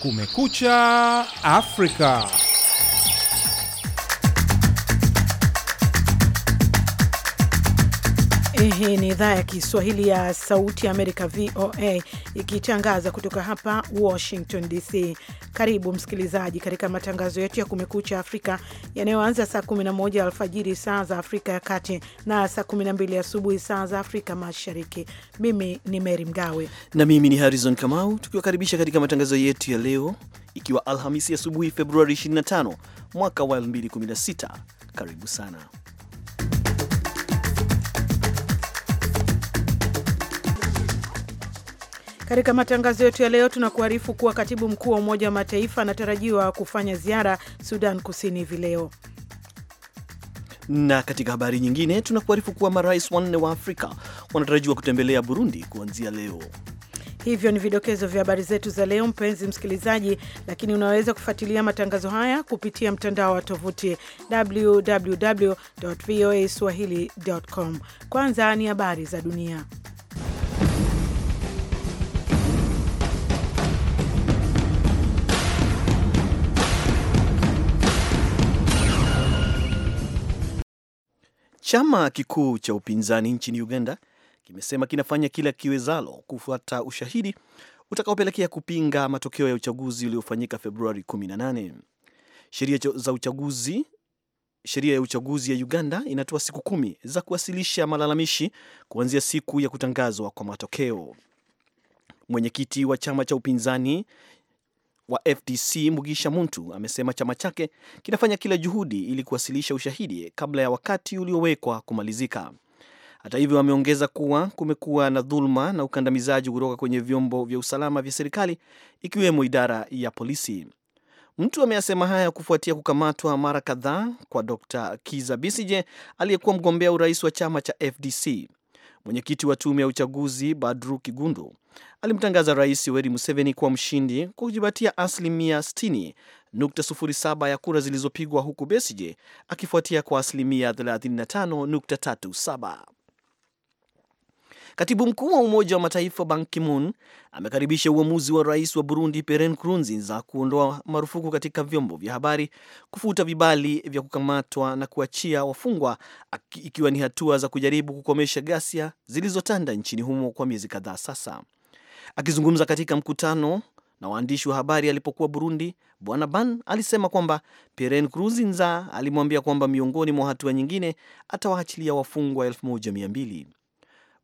Kumekucha Afrika. Hii ni idhaa ya Kiswahili ya Sauti ya Amerika, VOA, ikitangaza kutoka hapa Washington DC. Karibu msikilizaji katika matangazo yetu ya Kumekucha Afrika yanayoanza saa 11 alfajiri saa za Afrika ya Kati na saa 12 asubuhi saa za Afrika Mashariki. Mimi ni Meri Mgawe na mimi ni Harrison Kamau, tukiwakaribisha katika matangazo yetu ya leo, ikiwa Alhamisi asubuhi Februari 25 mwaka wa 2016. Karibu sana Katika matangazo yetu ya leo tunakuarifu kuwa katibu mkuu wa Umoja wa Mataifa anatarajiwa kufanya ziara Sudan Kusini hivi leo. Na katika habari nyingine tunakuarifu kuwa marais wanne wa Afrika wanatarajiwa kutembelea Burundi kuanzia leo. Hivyo ni vidokezo vya habari zetu za leo, mpenzi msikilizaji, lakini unaweza kufuatilia matangazo haya kupitia mtandao wa tovuti www voa swahili.com. Kwanza ni habari za dunia. Chama kikuu cha upinzani nchini Uganda kimesema kinafanya kila kiwezalo kufuata ushahidi utakaopelekea kupinga matokeo ya uchaguzi uliofanyika Februari 18. Sheria za uchaguzi sheria ya uchaguzi ya Uganda inatoa siku kumi za kuwasilisha malalamishi kuanzia siku ya kutangazwa kwa matokeo. Mwenyekiti wa chama cha upinzani wa FDC Mugisha Muntu amesema chama chake kinafanya kila juhudi ili kuwasilisha ushahidi kabla ya wakati uliowekwa kumalizika. Hata hivyo, ameongeza kuwa kumekuwa na dhuluma na ukandamizaji kutoka kwenye vyombo vya usalama vya serikali ikiwemo idara ya polisi. Mtu ameyasema haya kufuatia kukamatwa mara kadhaa kwa Dr. Kiza Bisije aliyekuwa mgombea urais wa chama cha FDC. Mwenyekiti wa tume ya uchaguzi Badru Kigundu alimtangaza Rais Yoweri Museveni kuwa mshindi kwa kujipatia asilimia 60.07 ya kura zilizopigwa huku Besije akifuatia kwa asilimia 35.37. Katibu mkuu wa Umoja wa Mataifa Ban Ki-moon amekaribisha uamuzi wa rais wa Burundi Pierre Nkurunziza kuondoa marufuku katika vyombo vya habari, kufuta vibali vya kukamatwa na kuachia wafungwa, ikiwa ni hatua za kujaribu kukomesha ghasia zilizotanda nchini humo kwa miezi kadhaa sasa. Akizungumza katika mkutano na waandishi wa habari alipokuwa Burundi, Bwana Ban alisema kwamba Pierre Nkurunziza alimwambia kwamba miongoni mwa hatua nyingine atawaachilia wafungwa 1200.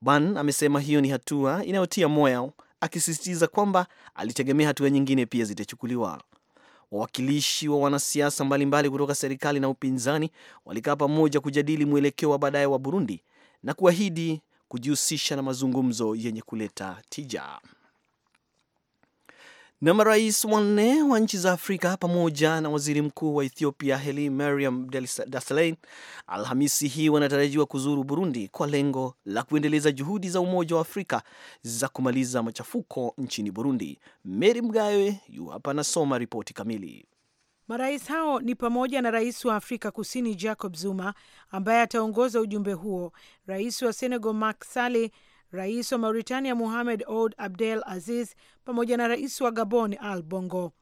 Ban amesema hiyo ni hatua inayotia moyo, akisisitiza kwamba alitegemea hatua nyingine pia zitachukuliwa. Wawakilishi wa wanasiasa mbalimbali kutoka serikali na upinzani walikaa pamoja kujadili mwelekeo wa baadaye wa Burundi na kuahidi kujihusisha na mazungumzo yenye kuleta tija. Na marais wanne wa nchi za Afrika pamoja na waziri mkuu wa Ethiopia Heli Mariam Desalegn Alhamisi hii wanatarajiwa kuzuru Burundi kwa lengo la kuendeleza juhudi za Umoja wa Afrika za kumaliza machafuko nchini Burundi. Meri Mgawe yu hapa anasoma ripoti kamili. Marais hao ni pamoja na rais wa Afrika Kusini Jacob Zuma ambaye ataongoza ujumbe huo, rais wa Senegal Macky Sall, rais wa Mauritania Mohamed Ould Abdel Aziz pamoja na rais wa Gabon Al Bongo.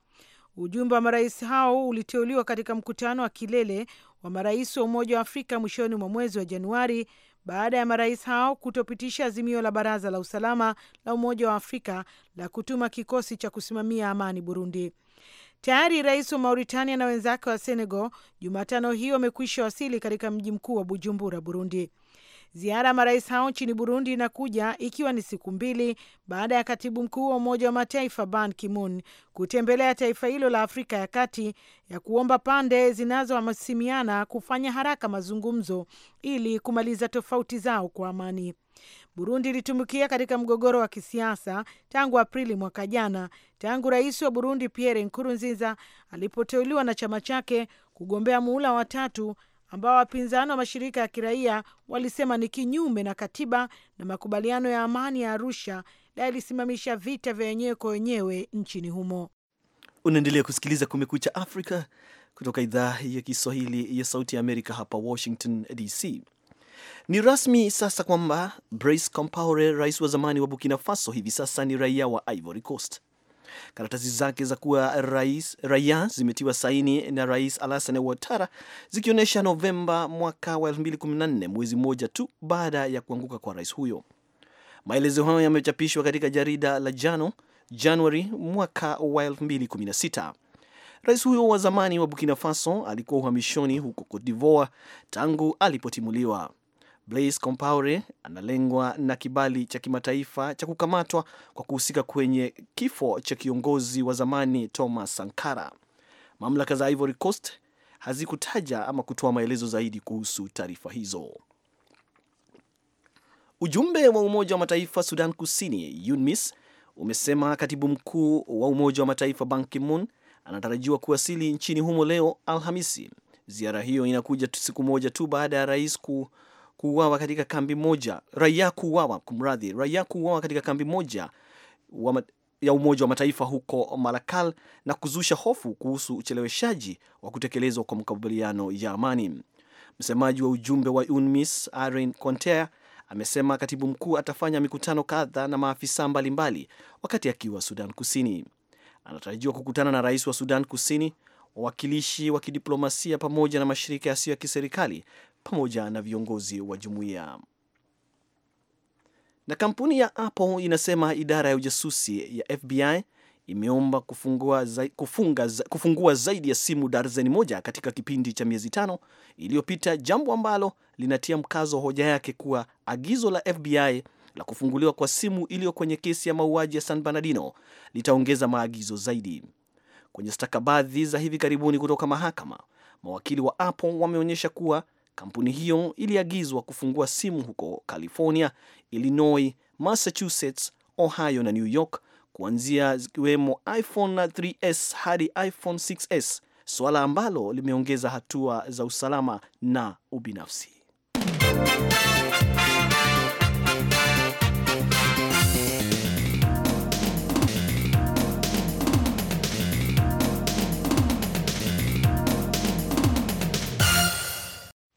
Ujumbe wa marais hao uliteuliwa katika mkutano wa kilele wa marais wa Umoja wa Afrika mwishoni mwa mwezi wa Januari baada ya marais hao kutopitisha azimio la Baraza la Usalama la Umoja wa Afrika la kutuma kikosi cha kusimamia amani Burundi. Tayari rais wa Mauritania na wenzake wa Senegal Jumatano hiyo wamekwisha wasili katika mji mkuu wa Bujumbura, Burundi. Ziara ya marais hao nchini Burundi inakuja ikiwa ni siku mbili baada ya katibu mkuu wa Umoja wa Mataifa Ban Ki-moon kutembelea taifa hilo la Afrika ya Kati ya kuomba pande zinazohamsimiana kufanya haraka mazungumzo ili kumaliza tofauti zao kwa amani. Burundi ilitumbukia katika mgogoro wa kisiasa tangu Aprili mwaka jana, tangu rais wa Burundi Pierre Nkurunziza alipoteuliwa na chama chake kugombea muhula watatu ambao wapinzani wa mashirika ya kiraia walisema ni kinyume na katiba na makubaliano ya amani ya Arusha na yalisimamisha vita vya wenyewe kwa wenyewe nchini humo. Unaendelea kusikiliza Kumekucha Afrika kutoka idhaa ya Kiswahili ya Sauti ya Amerika, hapa Washington DC. Ni rasmi sasa kwamba Blaise Compaore, rais wa zamani wa Burkina Faso, hivi sasa ni raia wa Ivory Coast. Karatasi zake za kuwa rais raia zimetiwa saini na Rais Alassane Ouattara zikionyesha Novemba mwaka wa 2014, mwezi mmoja tu baada ya kuanguka kwa rais huyo. Maelezo hayo yamechapishwa katika jarida la Jano Januari mwaka wa 2016. Rais huyo wa zamani wa Burkina Faso alikuwa uhamishoni huko Cote d'Ivoire tangu alipotimuliwa. Blaise Compaore analengwa na kibali cha kimataifa cha kukamatwa kwa kuhusika kwenye kifo cha kiongozi wa zamani Thomas Sankara. Mamlaka za Ivory Coast hazikutaja ama kutoa maelezo zaidi kuhusu taarifa hizo. Ujumbe wa Umoja wa Mataifa Sudan Kusini, UNMISS, umesema katibu mkuu wa Umoja wa Mataifa Ban Ki-moon anatarajiwa kuwasili nchini humo leo Alhamisi. Ziara hiyo inakuja siku moja tu baada ya rais kuuawa katika kambi moja, raia kuuawa, kumradhi, raia kuuawa katika kambi moja wa, ya Umoja wa Mataifa huko Malakal na kuzusha hofu kuhusu ucheleweshaji wa kutekelezwa kwa makubaliano ya amani. Msemaji wa ujumbe wa UNMISS Irene Conter amesema katibu mkuu atafanya mikutano kadha na maafisa mbalimbali wakati akiwa Sudan Kusini. Anatarajiwa kukutana na rais wa Sudan Kusini, wawakilishi wa kidiplomasia pamoja na mashirika yasiyo ya kiserikali pamoja na viongozi wa jumuiya. Na kampuni ya Apple inasema idara ya ujasusi ya FBI imeomba kufungua, za, kufunga, za, kufungua zaidi ya simu darzeni moja katika kipindi cha miezi tano iliyopita, jambo ambalo linatia mkazo hoja yake kuwa agizo la FBI la kufunguliwa kwa simu iliyo kwenye kesi ya mauaji ya San Bernardino litaongeza maagizo zaidi. Kwenye stakabadhi za hivi karibuni kutoka mahakama, mawakili wa Apple wameonyesha kuwa Kampuni hiyo iliagizwa kufungua simu huko California, Illinois, Massachusetts, Ohio na New York, kuanzia zikiwemo iPhone 3s hadi iPhone 6s, suala ambalo limeongeza hatua za usalama na ubinafsi.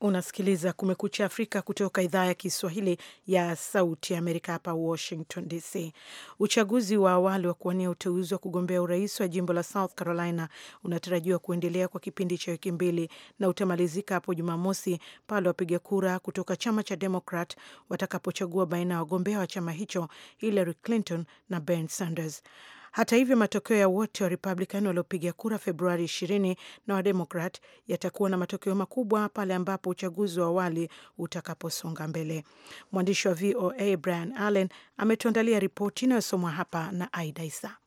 Unasikiliza Kumekucha Afrika kutoka idhaa ya Kiswahili ya Sauti ya Amerika, hapa Washington DC. Uchaguzi wa awali wa kuwania uteuzi wa kugombea urais wa jimbo la South Carolina unatarajiwa kuendelea kwa kipindi cha wiki mbili na utamalizika hapo Jumamosi pale wapiga kura kutoka chama cha Demokrat watakapochagua baina ya wagombea wa chama hicho Hillary Clinton na Bernie Sanders. Hata hivyo, matokeo ya wote wa Republican waliopiga kura Februari 20 na Wademokrat yatakuwa na matokeo makubwa pale ambapo uchaguzi wa awali utakaposonga mbele. Mwandishi wa VOA Brian Allen ametuandalia ripoti inayosomwa hapa na Aida Isa.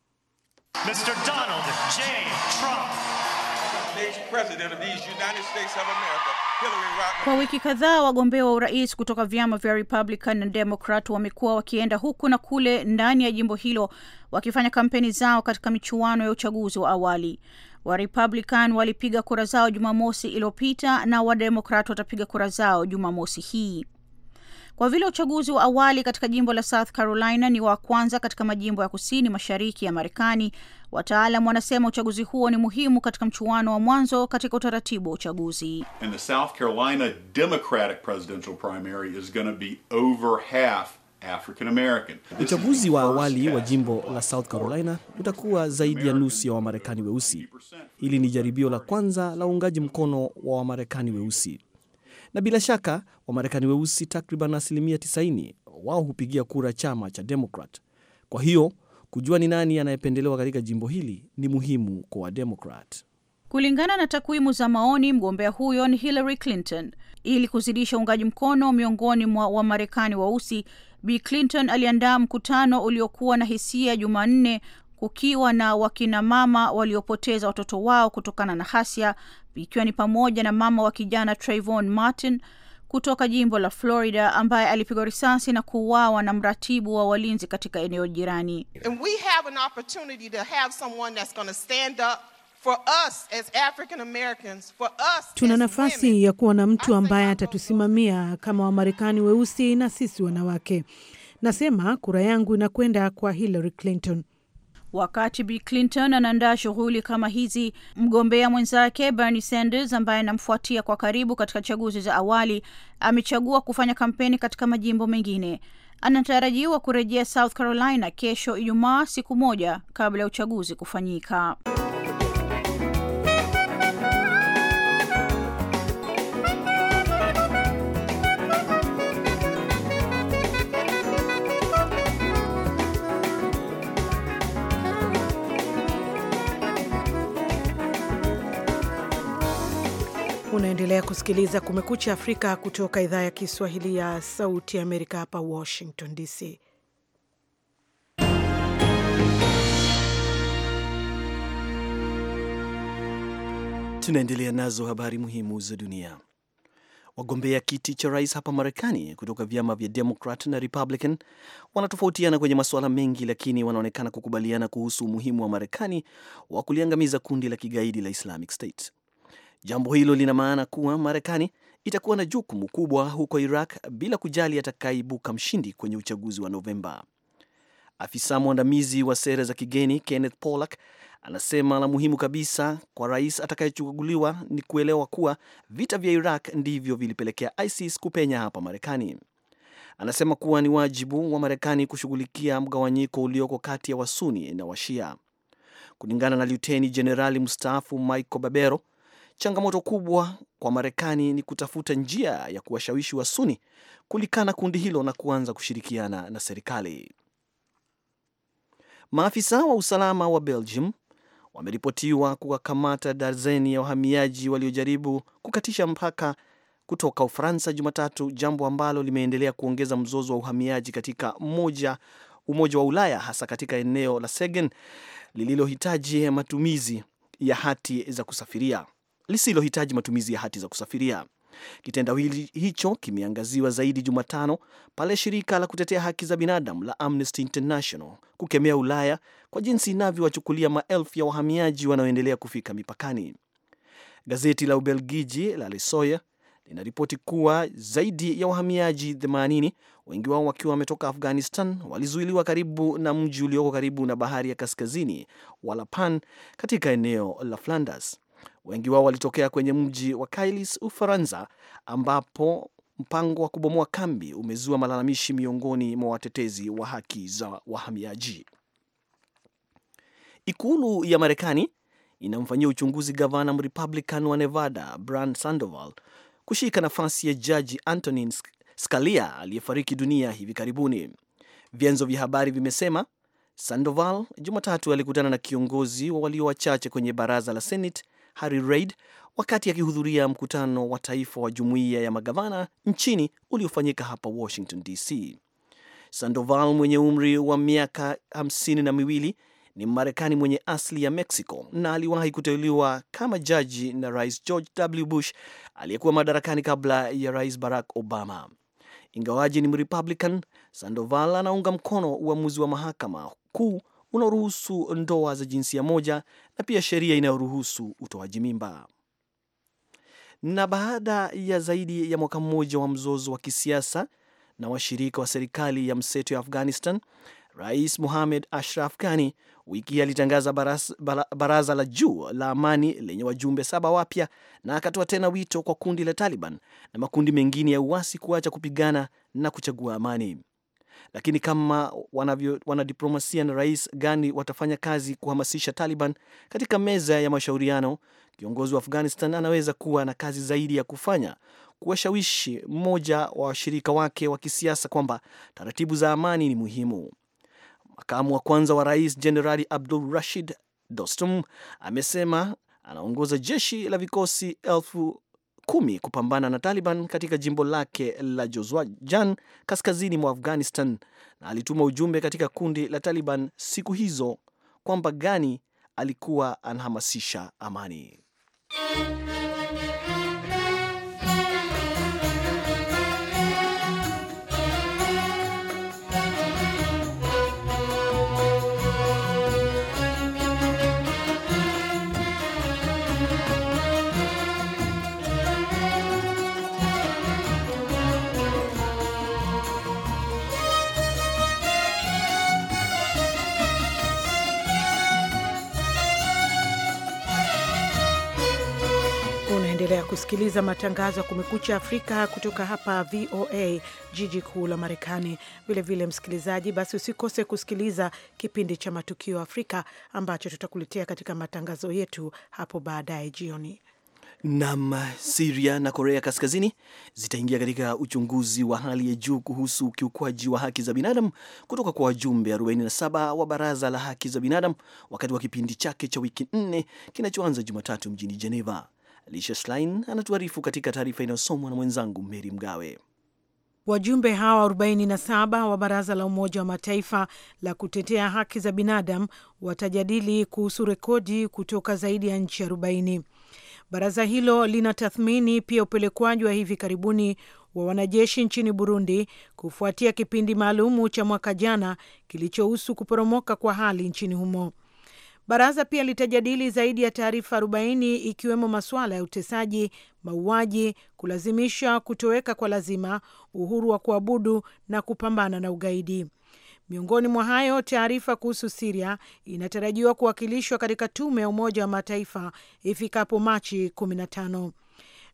Mr. Donald J. Trump. Kwa wiki kadhaa wagombea wa urais kutoka vyama vya Republican na Democrat wamekuwa wakienda huku na kule ndani ya jimbo hilo wakifanya kampeni zao katika michuano ya uchaguzi wa awali. warpublican walipiga kura zao Jumamosi iliyopita na Wademokrat watapiga kura zao Jumamosi hii kwa vile uchaguzi wa awali katika jimbo la South Carolina ni wa kwanza katika majimbo ya kusini mashariki ya Marekani. Wataalam wanasema uchaguzi huo ni muhimu katika mchuano wa mwanzo katika utaratibu wa uchaguzi. And the South Carolina Democratic presidential primary is going to be over half African American. Uchaguzi wa awali wa jimbo la South Carolina utakuwa zaidi ya nusu ya Wamarekani weusi. Hili ni jaribio la kwanza la uungaji mkono wa Wamarekani weusi na bila shaka Wamarekani weusi takriban asilimia 90 wao hupigia kura chama cha Demokrat. Kwa hiyo kujua ni nani anayependelewa katika jimbo hili ni muhimu kwa Wademokrat. Kulingana na takwimu za maoni, mgombea huyo ni Hillary Clinton. Ili kuzidisha uungaji mkono miongoni mwa Wamarekani weusi, Bi Clinton aliandaa mkutano uliokuwa na hisia Jumanne, kukiwa na wakinamama waliopoteza watoto wao kutokana na hasia ikiwa ni pamoja na mama wa kijana Trayvon Martin kutoka jimbo la Florida ambaye alipigwa risasi na kuuawa na mratibu wa walinzi katika eneo jirani. Tuna nafasi ya kuwa na mtu ambaye atatusimamia kama Wamarekani weusi na sisi wanawake. Nasema kura yangu inakwenda kwa Hillary Clinton. Wakati Bill Clinton anaandaa shughuli kama hizi, mgombea mwenzake Bernie Sanders ambaye anamfuatia kwa karibu katika chaguzi za awali, amechagua kufanya kampeni katika majimbo mengine. Anatarajiwa kurejea South Carolina kesho Ijumaa, siku moja kabla ya uchaguzi kufanyika. Unaendelea kusikiliza Kumekucha Afrika kutoka idhaa ya Kiswahili ya Sauti ya Amerika, hapa Washington DC. Tunaendelea nazo habari muhimu za dunia. Wagombea kiti cha rais hapa Marekani kutoka vyama vya Democrat na Republican wanatofautiana kwenye masuala mengi, lakini wanaonekana kukubaliana kuhusu umuhimu wa Marekani wa kuliangamiza kundi la kigaidi la Islamic State. Jambo hilo lina maana kuwa Marekani itakuwa na jukumu kubwa huko Iraq bila kujali atakayeibuka mshindi kwenye uchaguzi wa Novemba. Afisa mwandamizi wa sera za kigeni Kenneth Pollack anasema la muhimu kabisa kwa rais atakayechaguliwa ni kuelewa kuwa vita vya Iraq ndivyo vilipelekea ISIS kupenya hapa Marekani. Anasema kuwa ni wajibu wa Marekani kushughulikia mgawanyiko ulioko kati ya Wasuni na Washia. Kulingana na Luteni Jenerali mstaafu Michael Babero, Changamoto kubwa kwa Marekani ni kutafuta njia ya kuwashawishi Wasuni kulikana kundi hilo na kuanza kushirikiana na serikali. Maafisa wa usalama wa Belgium wameripotiwa kuwakamata darzeni ya wahamiaji waliojaribu kukatisha mpaka kutoka Ufaransa Jumatatu, jambo ambalo limeendelea kuongeza mzozo wa uhamiaji katika moja Umoja wa Ulaya, hasa katika eneo la Schengen lililohitaji matumizi ya hati za kusafiria lisilohitaji matumizi ya hati za kusafiria. Kitendo hicho kimeangaziwa zaidi Jumatano pale shirika la kutetea haki za binadamu la Amnesty International kukemea Ulaya kwa jinsi inavyowachukulia maelfu ya wahamiaji wanaoendelea kufika mipakani. Gazeti la Ubelgiji la Lesoya linaripoti kuwa zaidi ya wahamiaji 80 wengi wao wakiwa wametoka Afghanistan walizuiliwa karibu na mji ulioko karibu na bahari ya kaskazini wa Lapan katika eneo la Flanders. Wengi wao walitokea kwenye mji wa Kailis, Ufaransa, ambapo mpango wa kubomoa kambi umezua malalamishi miongoni mwa watetezi wa haki za wahamiaji. Ikulu ya Marekani inamfanyia uchunguzi gavana Mrepublican wa Nevada bran Sandoval kushika nafasi ya jaji Antonin Scalia aliyefariki dunia hivi karibuni. Vyanzo vya habari vimesema Sandoval Jumatatu alikutana na kiongozi wa walio wachache kwenye baraza la Senate Harry Reid wakati akihudhuria mkutano wa taifa wa jumuiya ya magavana nchini uliofanyika hapa Washington DC. Sandoval mwenye umri wa miaka hamsini na miwili ni Mmarekani mwenye asili ya Mexico na aliwahi kuteuliwa kama jaji na Rais George W. Bush aliyekuwa madarakani kabla ya Rais Barack Obama. Ingawaji ni Mrepublican, Sandoval anaunga mkono uamuzi wa mahakama kuu unaoruhusu ndoa za jinsia moja na pia sheria inayoruhusu utoaji mimba. Na baada ya zaidi ya mwaka mmoja wa mzozo wa kisiasa na washirika wa serikali ya mseto ya Afghanistan, Rais Mohamed Ashraf Ghani wiki hii alitangaza baraza, baraza la juu la amani lenye wajumbe saba wapya na akatoa tena wito kwa kundi la Taliban na makundi mengine ya uasi kuacha kupigana na kuchagua amani lakini kama wanavyo, wanadiplomasia na rais gani watafanya kazi kuhamasisha Taliban katika meza ya mashauriano, kiongozi wa Afghanistan anaweza kuwa na kazi zaidi ya kufanya kuwashawishi mmoja wa washirika wake wa kisiasa kwamba taratibu za amani ni muhimu. Makamu wa kwanza wa rais Jenerali Abdul Rashid Dostum amesema anaongoza jeshi la vikosi elfu kumi kupambana na Taliban katika jimbo lake la Jozwajan kaskazini mwa Afghanistan, na alituma ujumbe katika kundi la Taliban siku hizo kwamba Gani alikuwa anahamasisha amani. Unaendelea kusikiliza matangazo ya Kumekucha Afrika kutoka hapa VOA, jiji kuu la Marekani. Vilevile msikilizaji, basi usikose kusikiliza kipindi cha Matukio Afrika ambacho tutakuletea katika matangazo yetu hapo baadaye jioni. Nam, Siria na Korea Kaskazini zitaingia katika uchunguzi wa hali ya juu kuhusu ukiukwaji wa haki za binadamu kutoka kwa wajumbe 47 wa Baraza la Haki za Binadamu wakati wa kipindi chake cha wiki nne kinachoanza Jumatatu mjini Geneva. Lisha Schlein anatuarifu katika taarifa inayosomwa na mwenzangu Meri Mgawe. Wajumbe hawa 47 wa Baraza la Umoja wa Mataifa la kutetea haki za binadamu watajadili kuhusu rekodi kutoka zaidi ya nchi 40. Baraza hilo linatathmini pia upelekwaji wa hivi karibuni wa wanajeshi nchini Burundi kufuatia kipindi maalumu cha mwaka jana kilichohusu kuporomoka kwa hali nchini humo. Baraza pia litajadili zaidi ya taarifa 40 ikiwemo masuala ya utesaji, mauaji, kulazimisha kutoweka kwa lazima, uhuru wa kuabudu na kupambana na ugaidi. Miongoni mwa hayo, taarifa kuhusu Siria inatarajiwa kuwakilishwa katika tume ya Umoja wa Mataifa ifikapo Machi 15.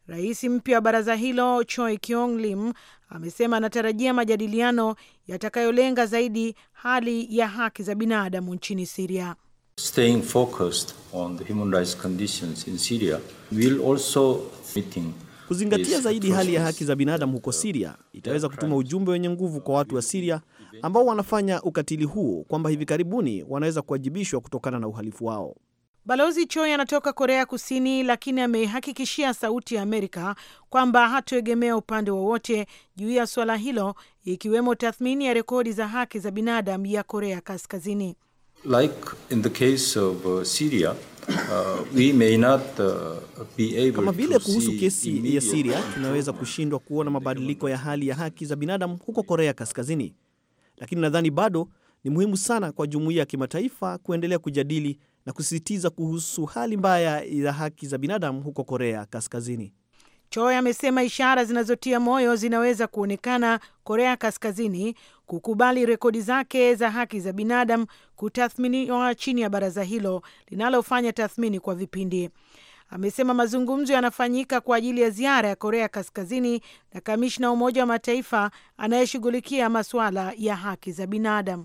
Rais mpya wa baraza hilo Choi Kiong Lim amesema anatarajia majadiliano yatakayolenga zaidi hali ya haki za binadamu nchini Siria. Staying focused on the human rights conditions in Syria will also meeting Kuzingatia zaidi hali ya haki za binadamu huko Siria itaweza kutuma ujumbe wenye nguvu kwa watu wa Siria ambao wanafanya ukatili huo kwamba hivi karibuni wanaweza kuwajibishwa kutokana na uhalifu wao. Balozi Choi anatoka Korea Kusini, lakini amehakikishia Sauti ya Amerika kwamba hatoegemea upande wowote juu ya suala hilo, ikiwemo tathmini ya rekodi za haki za binadamu ya Korea Kaskazini like in the case of uh, Syria, Uh, we may not, uh, be able kama vile kuhusu kesi ya Syria tunaweza kushindwa kuona mabadiliko ya hali ya haki za binadamu huko Korea Kaskazini, lakini nadhani bado ni muhimu sana kwa jumuiya ya kimataifa kuendelea kujadili na kusisitiza kuhusu hali mbaya ya haki za binadamu huko Korea Kaskazini. Choi amesema ishara zinazotia moyo zinaweza kuonekana Korea Kaskazini kukubali rekodi zake za haki za binadamu kutathminiwa chini ya baraza hilo linalofanya tathmini kwa vipindi. Amesema mazungumzo yanafanyika kwa ajili ya ziara ya Korea Kaskazini na kamishna wa Umoja wa Mataifa anayeshughulikia masuala ya haki za binadamu.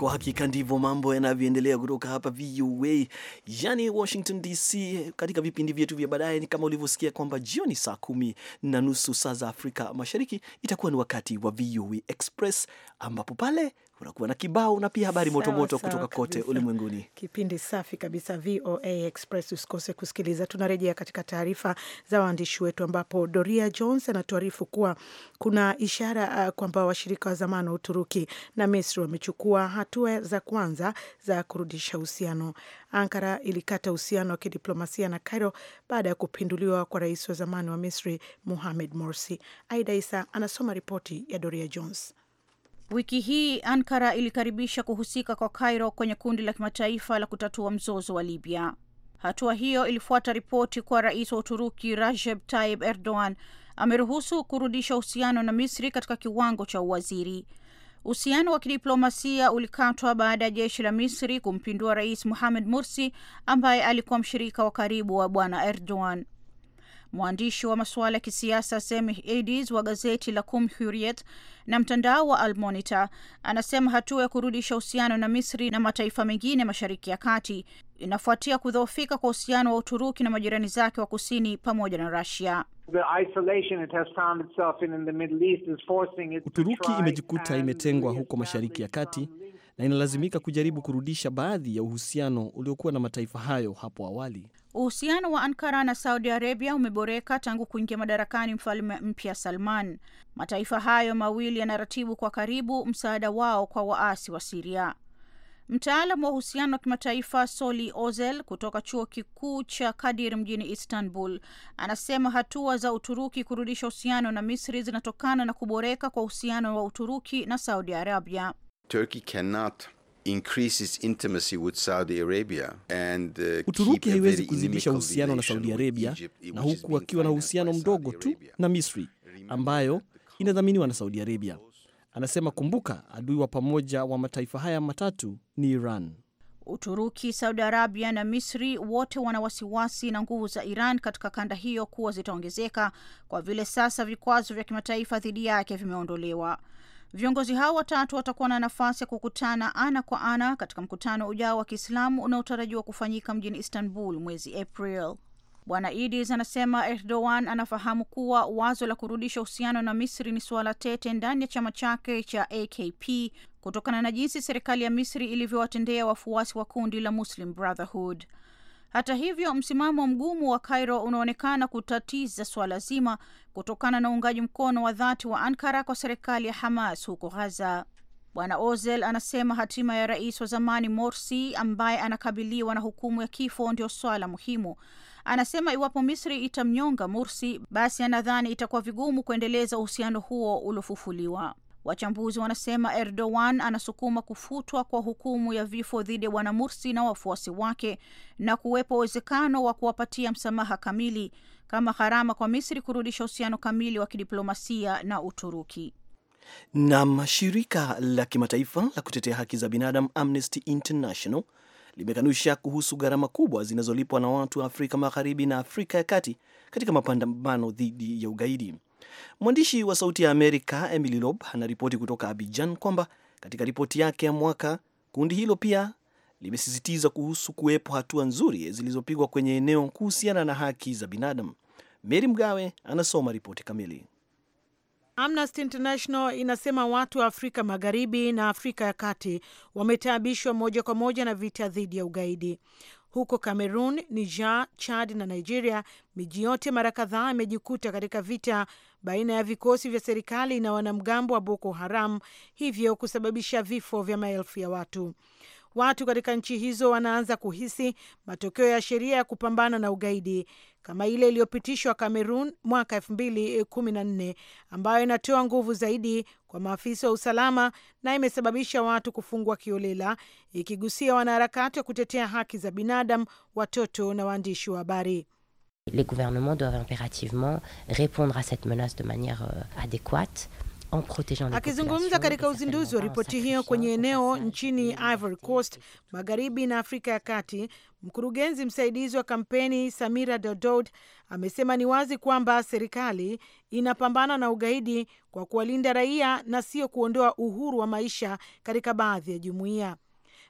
Kwa hakika ndivyo mambo yanavyoendelea kutoka hapa VOA, yani Washington DC. Katika vipindi vyetu vya baadaye, ni kama ulivyosikia kwamba jioni saa kumi na nusu saa za Afrika Mashariki itakuwa ni wakati wa VOA Express, ambapo pale unakuwa na kibao na pia habari motomoto kutoka kote ulimwenguni. Kipindi safi kabisa, VOA Express. Usikose kusikiliza. Tunarejea katika taarifa za waandishi wetu, ambapo Doria Jones anatuarifu kuwa kuna ishara uh, kwamba washirika wa zamani wa Uturuki na Misri wamechukua hatua za kwanza za kurudisha uhusiano. Ankara ilikata uhusiano wa kidiplomasia na Cairo baada ya kupinduliwa kwa rais wa zamani wa Misri muhamed Morsi. Aida Isa anasoma ripoti ya Doria Jones. Wiki hii Ankara ilikaribisha kuhusika kwa Cairo kwenye kundi la kimataifa la kutatua mzozo wa Libya. Hatua hiyo ilifuata ripoti kwa rais wa Uturuki Recep Tayyip Erdogan ameruhusu kurudisha uhusiano na Misri katika kiwango cha uwaziri. Uhusiano wa kidiplomasia ulikatwa baada ya jeshi la Misri kumpindua rais Mohamed Mursi ambaye alikuwa mshirika wa karibu wa bwana Erdogan mwandishi wa masuala ya kisiasa Semih Edis wa gazeti la Huriet na mtandao wa Almonita anasema hatua ya kurudisha uhusiano na Misri na mataifa mengine mashariki ya kati inafuatia kudhoofika kwa uhusiano wa Uturuki na majirani zake wa kusini pamoja na Russia. Uturuki imejikuta imetengwa huko mashariki ya kati na inalazimika kujaribu kurudisha baadhi ya uhusiano uliokuwa na mataifa hayo hapo awali. Uhusiano wa Ankara na Saudi Arabia umeboreka tangu kuingia madarakani mfalme mpya Salman. Mataifa hayo mawili yanaratibu kwa karibu msaada wao kwa waasi wa Siria. Mtaalamu wa uhusiano wa kimataifa Soli Ozel kutoka chuo kikuu cha Kadir mjini Istanbul anasema hatua za Uturuki kurudisha uhusiano na Misri zinatokana na kuboreka kwa uhusiano wa Uturuki na Saudi Arabia. Turkey cannot Uh, Uturuki haiwezi kuzidisha uhusiano na Saudi Arabia Egypt, na huku akiwa na uhusiano mdogo tu na Misri ambayo inadhaminiwa na Saudi Arabia. Anasema kumbuka, adui wa pamoja wa mataifa haya matatu ni Iran. Uturuki, Saudi Arabia na Misri wote wana wasiwasi na nguvu za Iran katika kanda hiyo kuwa zitaongezeka kwa vile sasa vikwazo vya kimataifa dhidi yake vimeondolewa. Viongozi hao watatu watakuwa na nafasi ya kukutana ana kwa ana katika mkutano ujao wa Kiislamu unaotarajiwa kufanyika mjini Istanbul mwezi April. Bwana Idis anasema Erdogan anafahamu kuwa wazo la kurudisha uhusiano na Misri ni suala tete ndani ya chama chake cha AKP kutokana na jinsi serikali ya Misri ilivyowatendea wafuasi wa kundi la Muslim Brotherhood. Hata hivyo, msimamo mgumu wa Cairo unaonekana kutatiza swala zima kutokana na uungaji mkono wa dhati wa Ankara kwa serikali ya Hamas huko Ghaza. Bwana Ozel anasema hatima ya rais wa zamani Morsi ambaye anakabiliwa na hukumu ya kifo ndio swala muhimu. Anasema iwapo Misri itamnyonga Morsi, basi anadhani itakuwa vigumu kuendeleza uhusiano huo uliofufuliwa. Wachambuzi wanasema Erdogan anasukuma kufutwa kwa hukumu ya vifo dhidi ya bwana Mursi na wafuasi wake na kuwepo uwezekano wa kuwapatia msamaha kamili kama gharama kwa Misri kurudisha uhusiano kamili wa kidiplomasia na Uturuki. Nam, shirika la kimataifa la kutetea haki za binadamu Amnesty International limekanusha kuhusu gharama kubwa zinazolipwa na watu wa Afrika Magharibi na Afrika ya Kati katika mapambano dhidi ya ugaidi. Mwandishi wa Sauti ya Amerika Emily Lob anaripoti kutoka abijan kwamba katika ripoti yake ya mwaka kundi hilo pia limesisitiza kuhusu kuwepo hatua nzuri zilizopigwa kwenye eneo kuhusiana na haki za binadamu. Meri Mgawe anasoma ripoti kamili. Amnesty International inasema watu wa Afrika Magharibi na Afrika ya Kati wametaabishwa moja kwa moja na vita dhidi ya ugaidi. Huko Cameroon, Niger, Chad na Nigeria, miji yote mara kadhaa imejikuta katika vita baina ya vikosi vya serikali na wanamgambo wa Boko Haram, hivyo kusababisha vifo vya maelfu ya watu. Watu katika nchi hizo wanaanza kuhisi matokeo ya sheria ya kupambana na ugaidi kama ile iliyopitishwa Kamerun mwaka nne ambayo inatoa nguvu zaidi kwa maafisa wa usalama na imesababisha watu kufungwa kiolela, ikigusia wanaharakati wa kutetea haki za binadamu, watoto na waandishi wa habari. Les gouvernements doivent impérativement répondre à cette menace de manière euh, adéquate. Akizungumza katika uzinduzi wa ripoti hiyo kwenye eneo nchini Ivory Coast, magharibi na Afrika ya Kati, mkurugenzi msaidizi wa kampeni Samira Dodod amesema ni wazi kwamba serikali inapambana na ugaidi kwa kuwalinda raia na sio kuondoa uhuru wa maisha katika baadhi ya jumuiya.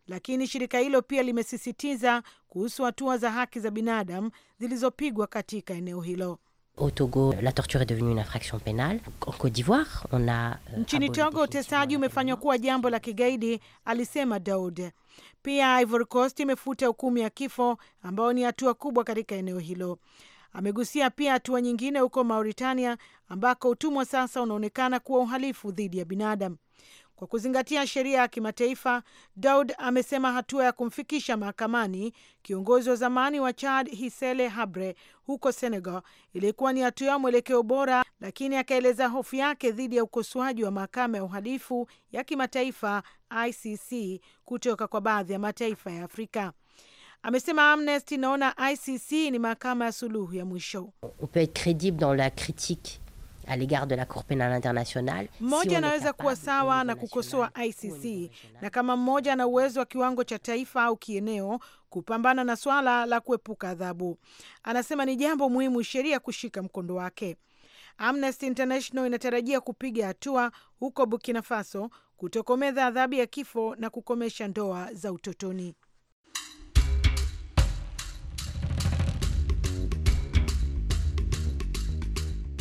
Lakini shirika hilo pia limesisitiza kuhusu hatua za haki za binadamu zilizopigwa katika eneo hilo. Au Togo, euh, la torture est devenue une infraction pénale. En Côte d'Ivoire, on a euh, nchini Togo utesaji umefanywa kuwa jambo la kigaidi, alisema Daud. Pia Ivory Coast imefuta hukumu ya kifo ambayo ni hatua kubwa katika eneo hilo. Amegusia pia hatua nyingine huko Mauritania ambako utumwa sasa unaonekana kuwa uhalifu dhidi ya binadamu. Kwa kuzingatia sheria ya kimataifa, Daud amesema hatua ya kumfikisha mahakamani kiongozi wa zamani wa Chad Hisele Habre huko Senegal ilikuwa ni hatua ya mwelekeo bora, lakini akaeleza hofu yake dhidi ya ukosoaji wa mahakama ya uhalifu ya kimataifa ICC kutoka kwa baadhi ya mataifa ya Afrika. Amesema Amnesty inaona ICC ni mahakama ya suluhu ya mwisho. On peut dans la critique à l'égard de la Cour pénale internationale. Mmoja anaweza kuwa sawa na kukosoa ICC, na kama mmoja ana uwezo wa kiwango cha taifa au kieneo kupambana na swala la kuepuka adhabu, anasema ni jambo muhimu sheria kushika mkondo wake. Amnesty International inatarajia kupiga hatua huko Burkina Faso kutokomeza adhabu ya kifo na kukomesha ndoa za utotoni.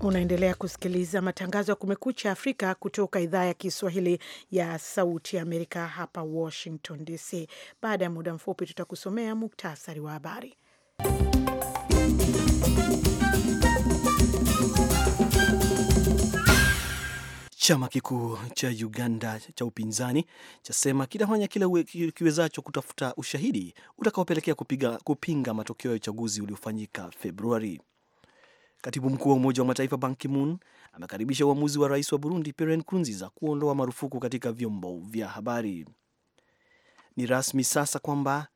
Unaendelea kusikiliza matangazo ya Kumekucha Afrika kutoka idhaa ya Kiswahili ya Sauti ya Amerika, hapa Washington DC. Baada ya muda mfupi, tutakusomea muktasari wa habari. Chama kikuu cha Uganda cha upinzani chasema kitafanya kila kiwezacho kutafuta ushahidi utakaopelekea kupinga matokeo ya uchaguzi uliofanyika Februari. Katibu mkuu wa Umoja wa Mataifa Ban Ki-moon amekaribisha uamuzi wa rais wa Burundi Pierre Nkurunziza kuondoa marufuku katika vyombo vya habari. Ni rasmi sasa kwamba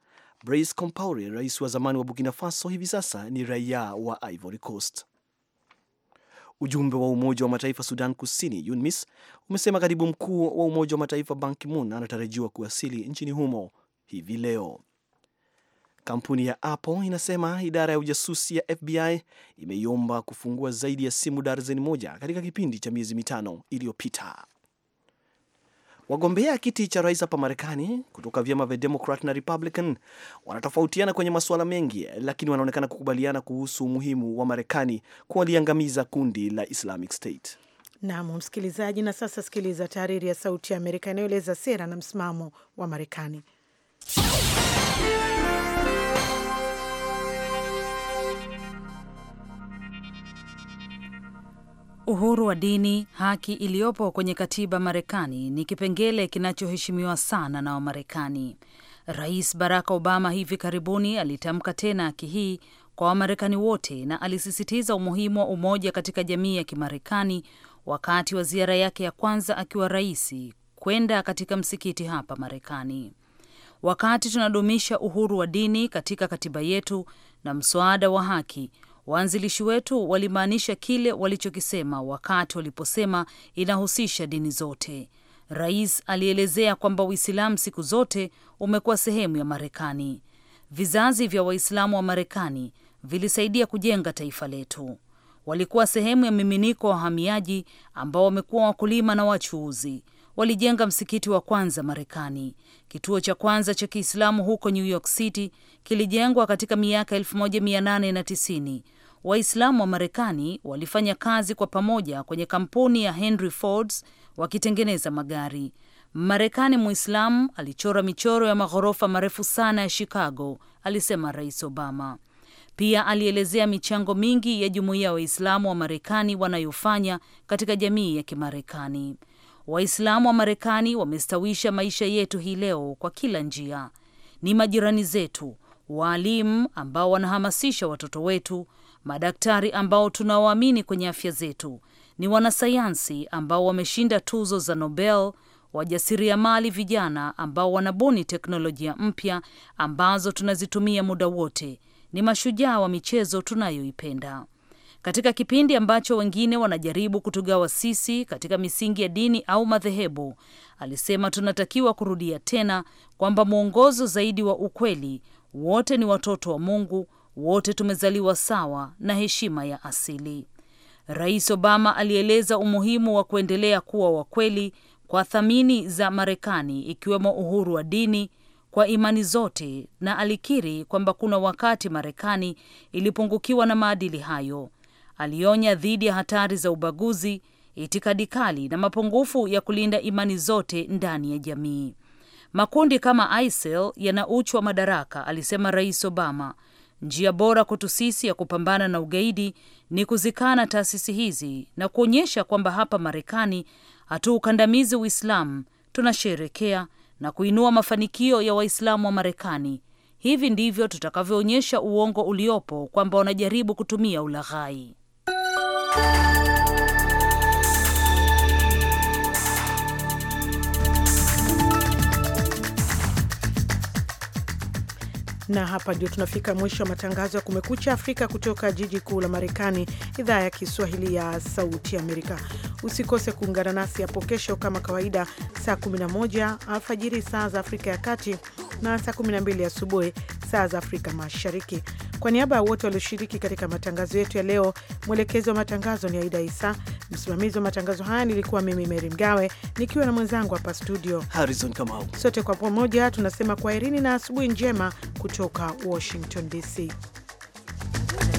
Blaise Compaore, rais wa zamani wa Burkina Faso, hivi sasa ni raia wa Ivory Coast. Ujumbe wa Umoja wa Mataifa Sudan Kusini, UNMISS, umesema katibu mkuu wa Umoja wa Mataifa Ban Ki-moon anatarajiwa kuwasili nchini humo hivi leo. Kampuni ya Apple inasema idara ya ujasusi ya FBI imeiomba kufungua zaidi ya simu darzeni moja katika kipindi cha miezi mitano iliyopita. Wagombea kiti cha rais hapa Marekani kutoka vyama vya Democrat na Republican wanatofautiana kwenye masuala mengi, lakini wanaonekana kukubaliana kuhusu umuhimu wa Marekani kuwaliangamiza kundi la Islamic State. Naam msikilizaji, na sasa sikiliza tahariri ya Sauti ya Amerika inayoeleza sera na msimamo wa Marekani. uhuru wa dini, haki iliyopo kwenye katiba Marekani ni kipengele kinachoheshimiwa sana na Wamarekani. Rais Barack Obama hivi karibuni alitamka tena haki hii kwa Wamarekani wote na alisisitiza umuhimu wa umoja katika jamii ya Kimarekani wakati wa ziara yake ya kwanza akiwa rais kwenda katika msikiti hapa Marekani. Wakati tunadumisha uhuru wa dini katika katiba yetu na mswada wa haki Waanzilishi wetu walimaanisha kile walichokisema wakati waliposema inahusisha dini zote. Rais alielezea kwamba Uislamu siku zote umekuwa sehemu ya Marekani. Vizazi vya Waislamu wa Marekani vilisaidia kujenga taifa letu. Walikuwa sehemu ya miminiko wa wahamiaji ambao wamekuwa wakulima na wachuuzi walijenga msikiti wa kwanza Marekani. Kituo cha kwanza cha Kiislamu huko New York City kilijengwa katika miaka 1890. Waislamu wa Marekani walifanya kazi kwa pamoja kwenye kampuni ya Henry Fords wakitengeneza magari. Marekani Muislamu alichora michoro ya maghorofa marefu sana ya Chicago, alisema Rais Obama. Pia alielezea michango mingi ya jumuiya ya Waislamu wa Marekani wanayofanya katika jamii ya Kimarekani. Waislamu wa Marekani wamestawisha maisha yetu hii leo kwa kila njia. Ni majirani zetu, waalimu ambao wanahamasisha watoto wetu, madaktari ambao tunawaamini kwenye afya zetu, ni wanasayansi ambao wameshinda tuzo za Nobel, wajasiriamali vijana ambao wanabuni teknolojia mpya ambazo tunazitumia muda wote, ni mashujaa wa michezo tunayoipenda katika kipindi ambacho wengine wanajaribu kutugawa sisi katika misingi ya dini au madhehebu. Alisema tunatakiwa kurudia tena kwamba mwongozo zaidi wa ukweli, wote ni watoto wa Mungu, wote tumezaliwa sawa na heshima ya asili. Rais Obama alieleza umuhimu wa kuendelea kuwa wa kweli kwa thamini za Marekani, ikiwemo uhuru wa dini kwa imani zote, na alikiri kwamba kuna wakati Marekani ilipungukiwa na maadili hayo. Alionya dhidi ya hatari za ubaguzi, itikadi kali na mapungufu ya kulinda imani zote ndani ya jamii. Makundi kama ISIL yana uchu wa madaraka, alisema Rais Obama. Njia bora kwetu sisi ya kupambana na ugaidi ni kuzikana taasisi hizi na kuonyesha kwamba hapa Marekani hatuukandamizi Uislamu, tunasherekea na kuinua mafanikio ya Waislamu wa Marekani. Hivi ndivyo tutakavyoonyesha uongo uliopo kwamba wanajaribu kutumia ulaghai. Bye. Na hapa ndio tunafika mwisho wa matangazo ya Kumekucha Afrika kutoka jiji kuu la Marekani, idhaa ya Kiswahili ya Sauti Amerika. Usikose kuungana nasi hapo kesho kama kawaida, saa 11 alfajiri saa za Afrika ya Kati na saa 12 asubuhi saa za Afrika Mashariki. Kwa niaba ya wote walioshiriki katika matangazo yetu ya leo, mwelekezi wa matangazo ni Aida Isa, msimamizi wa matangazo haya nilikuwa mimi Meri Mgawe nikiwa na mwenzangu hapa studio Harrison Kamau. Sote kwa pamoja tunasema kwaherini na asubuhi njema kutoka kutoka Washington DC.